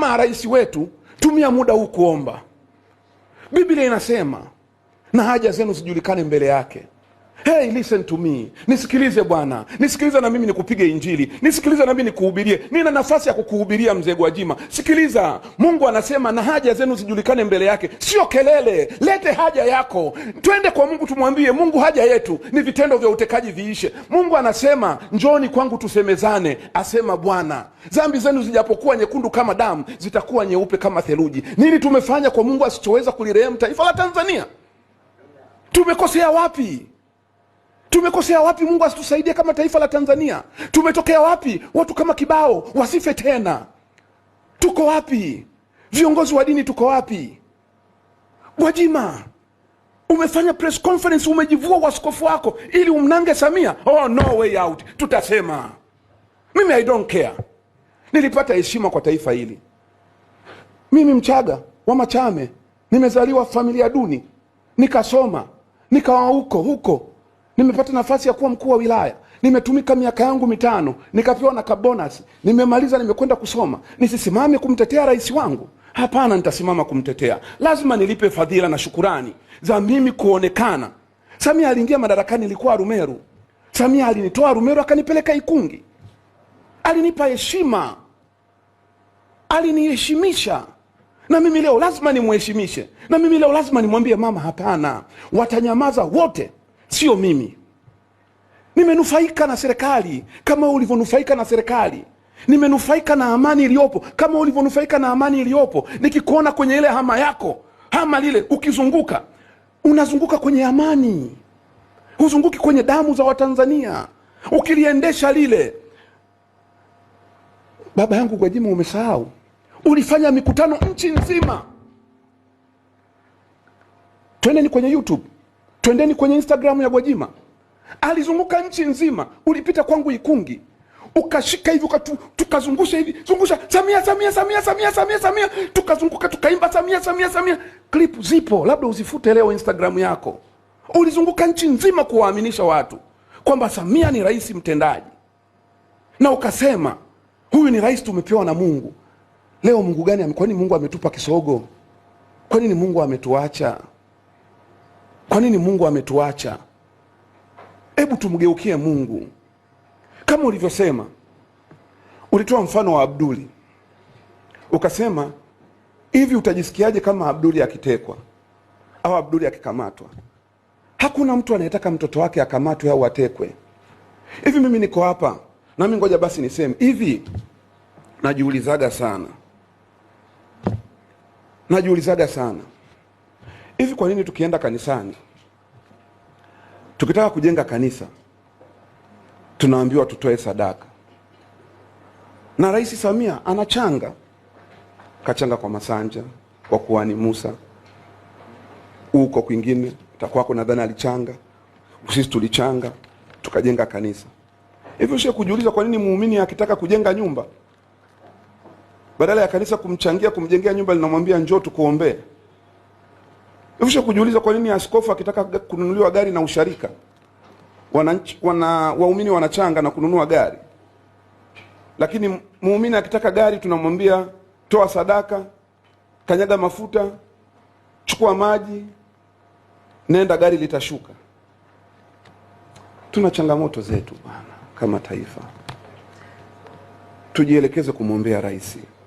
marais wetu, tumia muda huu kuomba. Biblia inasema na haja zenu zijulikane mbele yake. Hey, listen to me, nisikilize bwana, nisikilize na mimi nikupige Injili, nisikilize na mimi nikuhubirie. Nina nafasi ya kukuhubiria mzee Gwajima. Sikiliza, Mungu anasema na haja zenu zijulikane mbele yake, sio kelele. Lete haja yako, twende kwa Mungu, tumwambie Mungu haja yetu, ni vitendo vya utekaji viishe. Mungu anasema njoni kwangu tusemezane, asema Bwana, dhambi zenu zijapokuwa nyekundu kama damu, zitakuwa nyeupe kama theluji. Nini tumefanya kwa Mungu asichoweza kulirehemu taifa la Tanzania? Tumekosea wapi? Tumekosea wapi? Mungu asitusaidie kama taifa la Tanzania. Tumetokea wapi? Watu kama kibao wasife tena. Tuko wapi? Viongozi wa dini tuko wapi? Gwajima, umefanya press conference, umejivua waskofu wako ili umnange Samia. Oh, no way out. Tutasema mimi I don't care. Nilipata heshima kwa taifa hili. Mimi Mchaga wa Machame, nimezaliwa familia duni, nikasoma nikawa huko huko nimepata nafasi ya kuwa mkuu wa wilaya, nimetumika miaka yangu mitano, nikapewa na kabonasi, nimemaliza, nimekwenda kusoma, nisisimame kumtetea rais wangu? Hapana, nitasimama kumtetea. Lazima nilipe fadhila na shukurani za mimi kuonekana. Samia aliingia madarakani, ilikuwa Rumeru. Samia alinitoa Rumeru akanipeleka Ikungi, alinipa heshima, aliniheshimisha na mimi leo lazima nimuheshimishe, na mimi leo lazima nimwambie mama, hapana. Watanyamaza wote sio mimi. Nimenufaika na serikali kama ulivyonufaika na serikali, nimenufaika na amani iliyopo kama ulivyonufaika na amani iliyopo. Nikikuona kwenye ile hama yako, hama lile, ukizunguka unazunguka kwenye amani, huzunguki kwenye damu za Watanzania ukiliendesha lile. Baba yangu Gwajima, umesahau ulifanya mikutano nchi nzima. Twendeni kwenye YouTube Twendeni kwenye Instagram ya Gwajima, alizunguka nchi nzima. Ulipita kwangu Ikungi, ukashika hivi tukazungusha hivi, zungusha Samia, Samia, Samia, Samia, Samia, Samia, tukazunguka tukaimba Samia, Samia, Samia. Klipu zipo, labda uzifute leo Instagram yako. Ulizunguka nchi nzima kuwaaminisha watu kwamba Samia ni rais mtendaji, na ukasema huyu ni rais tumepewa na Mungu. Leo Mungu gani? Kwani Mungu ametupa kisogo? Kwani ni Mungu ametuacha? Kwa nini Mungu ametuacha? Hebu tumgeukie Mungu kama ulivyosema. Ulitoa mfano wa Abduli ukasema hivi, utajisikiaje kama Abduli akitekwa au Abduli akikamatwa? Hakuna mtu anayetaka mtoto wake akamatwe au atekwe. Hivi mimi niko hapa nami, ngoja basi niseme hivi, najiulizaga sana, najiulizaga sana Hivi kwa nini tukienda kanisani tukitaka kujenga kanisa tunaambiwa tutoe sadaka, na Rais Samia anachanga, kachanga kwa Masanja, kwa kuani Musa, uko kwingine takwako, nadhani alichanga, sisi tulichanga tukajenga kanisa. Hivi ushe kujiuliza kwa nini muumini akitaka kujenga nyumba badala ya kanisa kumchangia kumjengea nyumba linamwambia njoo tukuombee? Usha kujiuliza kwa nini askofu akitaka kununuliwa gari na usharika wananchi wana waumini wanachanga na kununua gari, lakini muumini akitaka gari tunamwambia toa sadaka, kanyaga mafuta, chukua maji, nenda gari litashuka. Tuna changamoto zetu bwana, kama taifa tujielekeze kumwombea rais.